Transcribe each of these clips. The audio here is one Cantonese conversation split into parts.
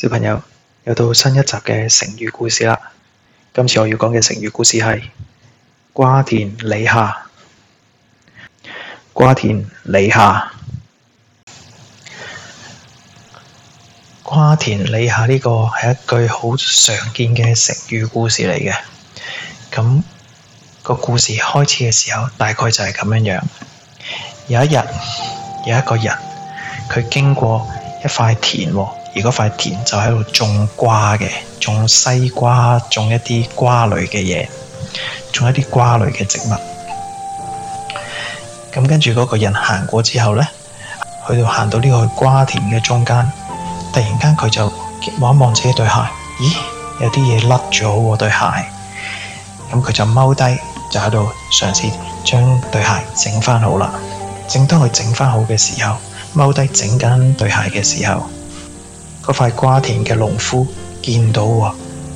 小朋友，又到新一集嘅成語故事啦！今次我要講嘅成語故事係瓜田李下。瓜田李下。瓜田李下呢個係一句好常見嘅成語故事嚟嘅。咁個故事開始嘅時候，大概就係咁樣樣。有一日，有一個人，佢經過一塊田。而嗰塊田就喺度種瓜嘅，種西瓜，種一啲瓜類嘅嘢，種一啲瓜類嘅植物。咁跟住嗰個人行過之後呢，去到行到呢個瓜田嘅中間，突然間佢就望一望自己對鞋，咦，有啲嘢甩咗喎對鞋。咁佢就踎低，就喺度嘗試將對鞋整翻好啦。正當佢整翻好嘅時候，踎低整緊對鞋嘅時候。嗰塊瓜田嘅農夫見到喎，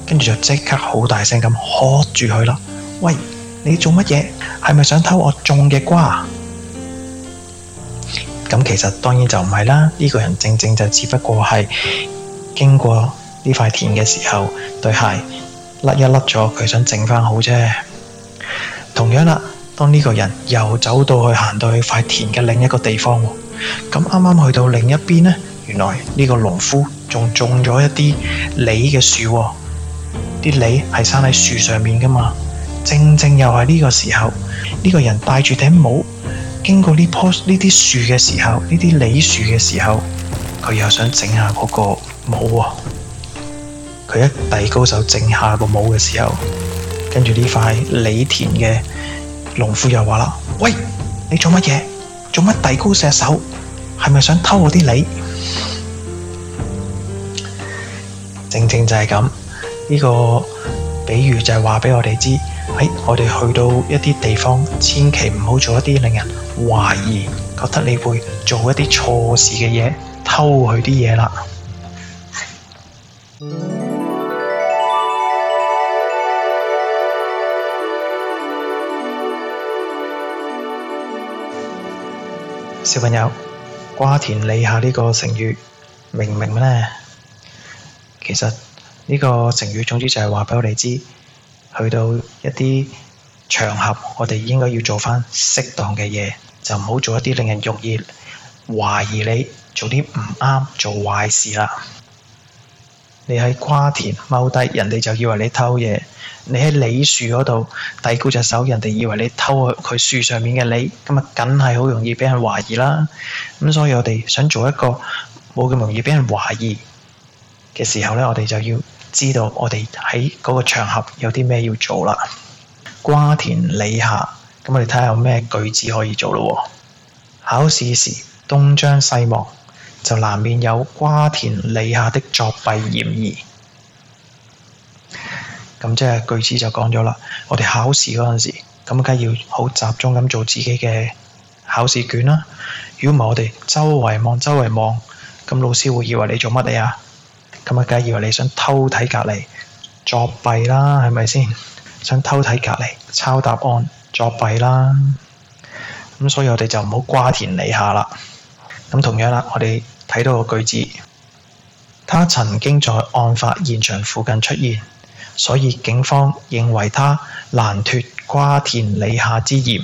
跟住就即刻好大聲咁喝住佢啦！喂，你做乜嘢？係咪想偷我種嘅瓜？咁其實當然就唔係啦！呢個人正正就只不過係經過呢塊田嘅時候，對鞋甩一甩咗，佢想整翻好啫。同樣啦，當呢個人又走到去行到去塊田嘅另一個地方，咁啱啱去到另一邊呢。原來呢個農夫仲種咗一啲李嘅樹，哦，啲李係生喺樹上面噶嘛。正正又係呢個時候，呢、呢個人戴住頂帽經過呢棵呢啲樹嘅時候，呢啲李樹嘅時候，佢又想整下嗰個帽，哦。佢一遞高手整下個帽嘅時候，跟住呢塊李田嘅農夫又話啦：喂，你做乜嘢？做乜遞高隻手？係咪想偷我啲李？正正就係咁，呢個比喻就係話俾我哋知，喺我哋去到一啲地方，千祈唔好做一啲令人懷疑、覺得你會做一啲錯事嘅嘢，偷佢啲嘢啦， 小朋友。瓜田李下呢個成語明唔明呢？其實呢個成語總之就係話俾我哋知，去到一啲場合，我哋應該要做返適當嘅嘢，就唔好做一啲令人容易懷疑你做啲唔啱、做壞事啦。你喺瓜田踎低，人哋就以為你偷嘢；你喺李樹嗰度遞高隻手，人哋以為你偷佢佢樹上面嘅李，咁啊，梗係好容易俾人懷疑啦。咁所以我哋想做一個冇咁容易俾人懷疑嘅時候呢，我哋就要知道我哋喺嗰個場合有啲咩要做啦。瓜田李下，咁我哋睇下有咩句子可以做咯。考試時東張西望，就難免有瓜田李下的作弊嫌疑。咁即係句子就講咗啦。我哋考試嗰陣時，咁梗係要好集中咁做自己嘅考試卷啦。如果唔係，我哋周圍望，周圍望，咁老師會以為你做乜嘢啊？咁啊，梗係以為你想偷睇隔離作弊啦，係咪先？想偷睇隔離抄答案作弊啦。咁所以我，我哋就唔好瓜田李下啦。咁同樣啦，我哋。睇到個句子，他曾經在案發現場附近出現，所以警方認為他難脫瓜田李下之嫌。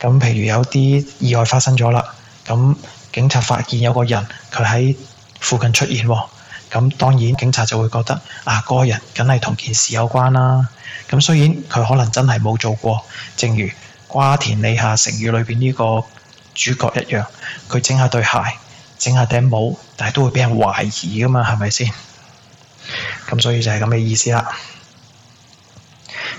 咁譬如有啲意外發生咗啦，咁警察發現有個人佢喺附近出現，咁當然警察就會覺得啊，嗰個人梗係同件事有關啦、啊。咁雖然佢可能真係冇做過，正如瓜田李下成語裏邊呢個。主角一樣，佢整下對鞋，整下頂帽，但係都會俾人懷疑噶嘛，係咪先？咁所以就係咁嘅意思啦。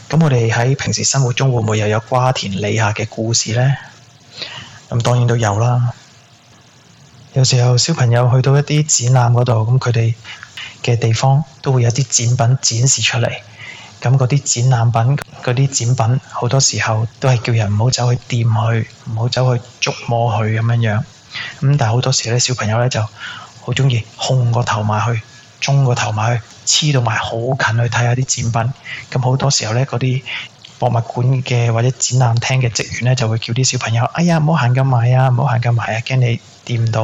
咁我哋喺平時生活中會唔會又有瓜田李下嘅故事呢？咁當然都有啦。有時候小朋友去到一啲展覽嗰度，咁佢哋嘅地方都會有啲展品展示出嚟。咁嗰啲展覽品、嗰啲展品，好多時候都係叫人唔好走去掂佢，唔好走去捉摸佢咁樣樣。咁但係好多時咧，小朋友咧就好中意控個頭埋去，鍾個頭埋去，黐到埋好近去睇下啲展品。咁好多時候咧，嗰啲博物館嘅或者展覽廳嘅職員咧，就會叫啲小朋友：「哎呀，唔好行咁埋啊，唔好行咁埋啊，驚你掂到。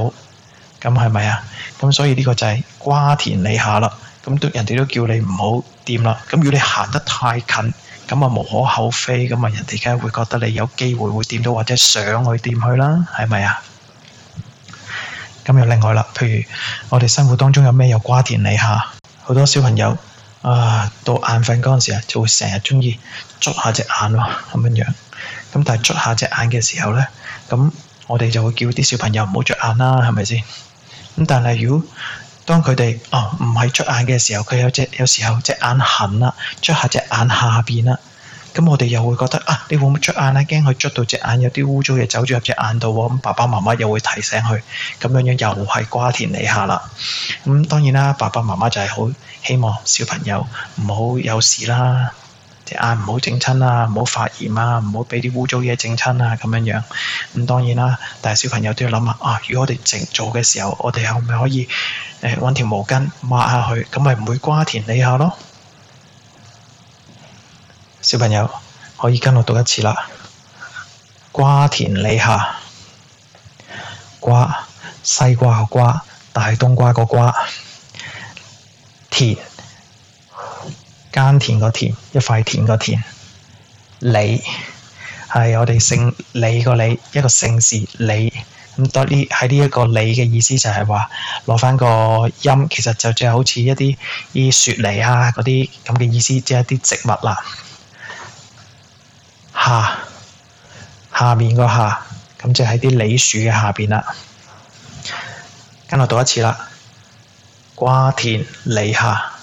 咁係咪啊？咁所以呢個就係瓜田李下啦。咁都人哋都叫你唔好。掂啦，咁如果你行得太近，咁啊無可厚非，咁啊人哋梗係會覺得你有機會會掂到或者想去掂去啦，係咪啊？咁又另外啦，譬如我哋生活當中有咩有瓜田李下，好多小朋友啊到眼瞓嗰陣時啊，就會成日中意捽下隻眼咯，咁樣樣。咁但係捽下隻眼嘅時候呢，咁我哋就會叫啲小朋友唔好捽眼啦，係咪先？咁但係如果當佢哋啊唔係捽眼嘅時候，佢有隻有時候隻眼痕啦，捽下隻眼下邊啦，咁我哋又會覺得啊，你會唔會捽眼咧？驚佢捽到隻眼有啲污糟嘢走咗入隻眼度喎，咁、嗯、爸爸媽媽又會提醒佢，咁樣樣又係瓜田李下啦。咁當然啦，爸爸媽媽就係好希望小朋友唔好有事啦。眼唔好整親啊，唔好發炎啊，唔好俾啲污糟嘢整親啊，咁樣樣。咁當然啦，但係小朋友都要諗下。啊，如果我哋整做嘅時候，我哋係咪可以誒搵條毛巾抹下佢？咁咪唔會瓜田李下咯。小朋友可以跟我讀一次啦。瓜田李下，瓜西瓜個瓜，大冬瓜個瓜，田。耕田個田，一塊田個田，李係我哋姓李個李，一個姓氏李。咁喺呢喺呢一個李嘅意思就係話，攞翻個音，其實就即係好似一啲啲雪梨啊嗰啲咁嘅意思，即係一啲植物啦。下，下面個下，咁就喺啲李樹嘅下邊啦。跟我讀一次啦，瓜田李下。